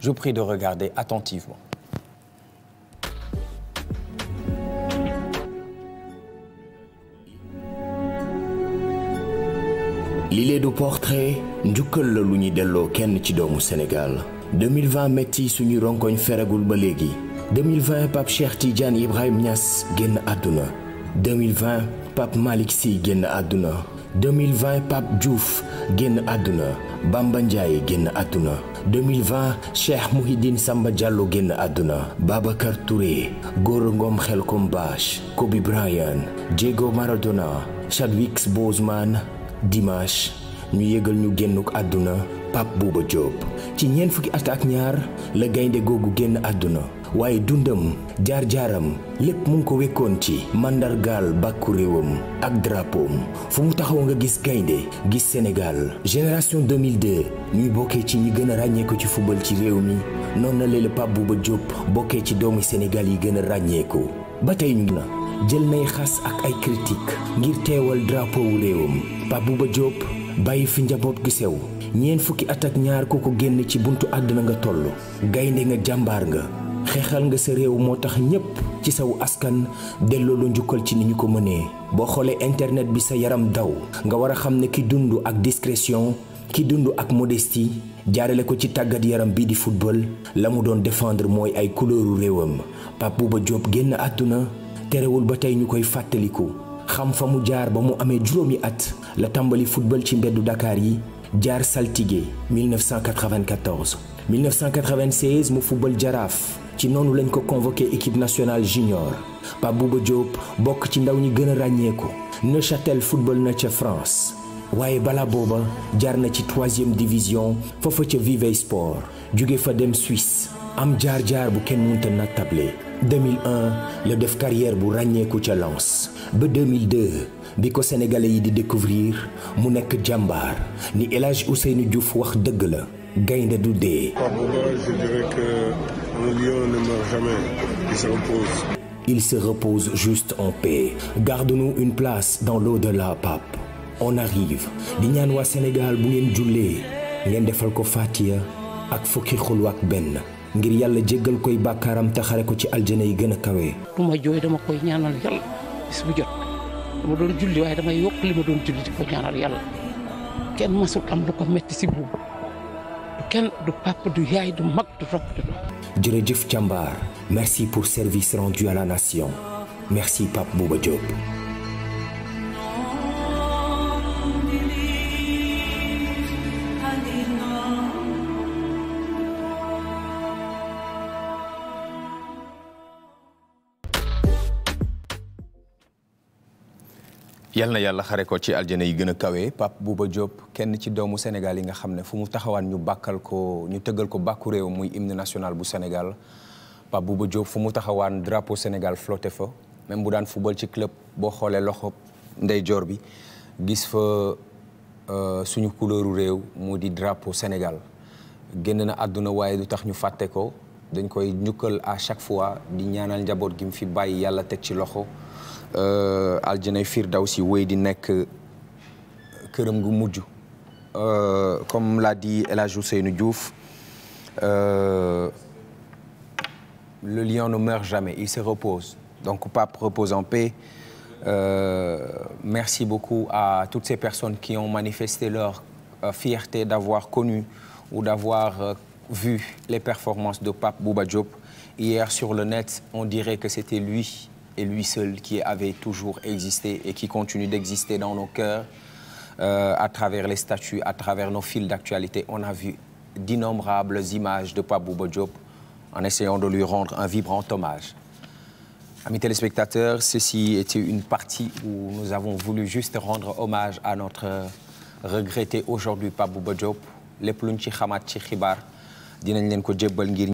Je vous prie de regarder du portrait njukkal la lu ñuy delloo kenn ci doomu Sénégal 2020 metti suñu ronkoñ feragul ba léegi 2020 Pape Cheikh Tidiane Ibrahim ñas génn àdduna 2020 Pape Malick Sy génn àdduna 2020 Pape Diouf génn àdduna Bamba génn àdduna 2020 Cheikh Mouhidine Samba Diallo génn àdduna Babacar Touré Gora Ngom kom Bache Kobe Bryant Diego Maradona Chadwick Boseman Dimanche ñu yëgal ñu génnuk àdduna Pape Bouba Diop ci ñeent fukki at ak ñaar la gaynde googu génn àdduna waaye dundam jaar-jaaram lépp mu ngi ko wékkoon ci màndargaal bàkku réewam ak drapoom fu mu taxaw nga gis gaynde gis Sénégal génération 2002 ñuy bokkee ci ñi gën a ràññeeku ci football ci réew mi noonu na leen bu ba Diop bokkee ci doomu Sénégal yi gën a ràññeeku ba tey ñu na jël nay xas ak ay critique ngir teewal drapeau wu réewam Pape Bouba Diop bàyyi fi njaboot gu sew ñeent fukki at ak ñaar ku ko génn ci buntu àdduna nga toll gaynde nga jàmbaar nga xeexal nga sa réew moo tax ñépp ci saw askan delloo la njukkal ci ni ñu ko mënee boo xoolee internet bi sa yaram daw nga war a xam ne ki dund ak discrétion ki dund ak modestie jaarale ko ci tàggat yaram bii di football la mu doon défendre mooy ay couleuru réewam Pape ba Diop génn àdduna terewul ba tey ñu koy fàttaliku xam fa mu jaar ba mu amee juróomi at la tàmbali football ci mbeddu Dakar yi jaar saltige 1994 1996 mu football jaraaf ci noonu lañ ko convoqué équipe nationale junior Pape Bouba Diop bokk ci ndaw ñi gën a ràññeeku Neuchâtel football na ca France waaye balaa booba jaar na ci troisième division foofa ca Vevey Sport jóge fa dem Suisse am jaar-jaar bu kenn mënta nattable 2001 la def carrière bu ràññeeku ca Lens ba 2002 bi ko sénégalais yi di découvrir mu nekk jàmbaar ni El Hadj Ousseynou Diouf wax dëgg la gaynde du dee. Un lion ne meurt jamais, il se repose. Il se repose juste en paix. Garde-nous une place dans l'au-delà, pape. On arrive di ñaan waa Sénégal bu ngeen jullee ngeen defal ko Fatiha ak fukki xul ak benn ngir yàlla jéggal koy bàkkaaram taxare ko ci aljana yi gën a kawe. du ma jooy dama koy ñaanal yàlla bis bu jot dama doon julli waaye damay yokk li ma doon julli di ko ñaanal yàlla kenn masul am lu ko metti si buubu. kenn du papa du yaay du mag du rokk du doom jërëjëf jàmbaar merci pour service rendu à la nation merci Pape Bouba Diop yal na yàlla xare ko ci aljana yi gën a pap Pape Bouba Diop kenn ci doomu Sénégal yi nga xam ne fu mu taxawaan ñu bàkkal ko ñu tëggal ko bàkku réew muy hymne national bu Sénégal Pape Bouba Diop fu mu taxawaan drapeau Sénégal flotté fa même bu daan football ci club boo xoolee loxo ndeyjoor bi gis fa euh, suñu couleuru réew moo di drapeau Sénégal génn na àdduna waaye du tax ñu fàtte ko dañ koy ñukkal à chaque fois di ñaanal njaboot gi mu fi bàyyi yàlla teg ci loxo euh, aljanay firdawsi wéy di nekk këram gu mujj euh, comme l'a di El Hadj Ousseynou Diouf euh, le lion ne meurt jamais il se repose donc Pape repose en paix merci beaucoup à toutes ces personnes qui ont manifesté leur euh, fierté d'avoir connu ou d'avoir vu les performances de Pape Bouba Diop. Hier sur le net, on dirait que c'était lui et lui seul qui avait toujours existé et qui continue d'exister dans nos cœurs euh, à travers les statuts, à travers nos fils d'actualité. On a vu d'innombrables images de Pape Bouba Diop en essayant de lui rendre un vibrant hommage. Amis téléspectateurs, ceci était une partie où nous avons voulu juste rendre hommage à notre regretté aujourd'hui Pape Bouba Diop lépp luñ ci xamaat ci xibaar dinañ leen ko jébbal ngir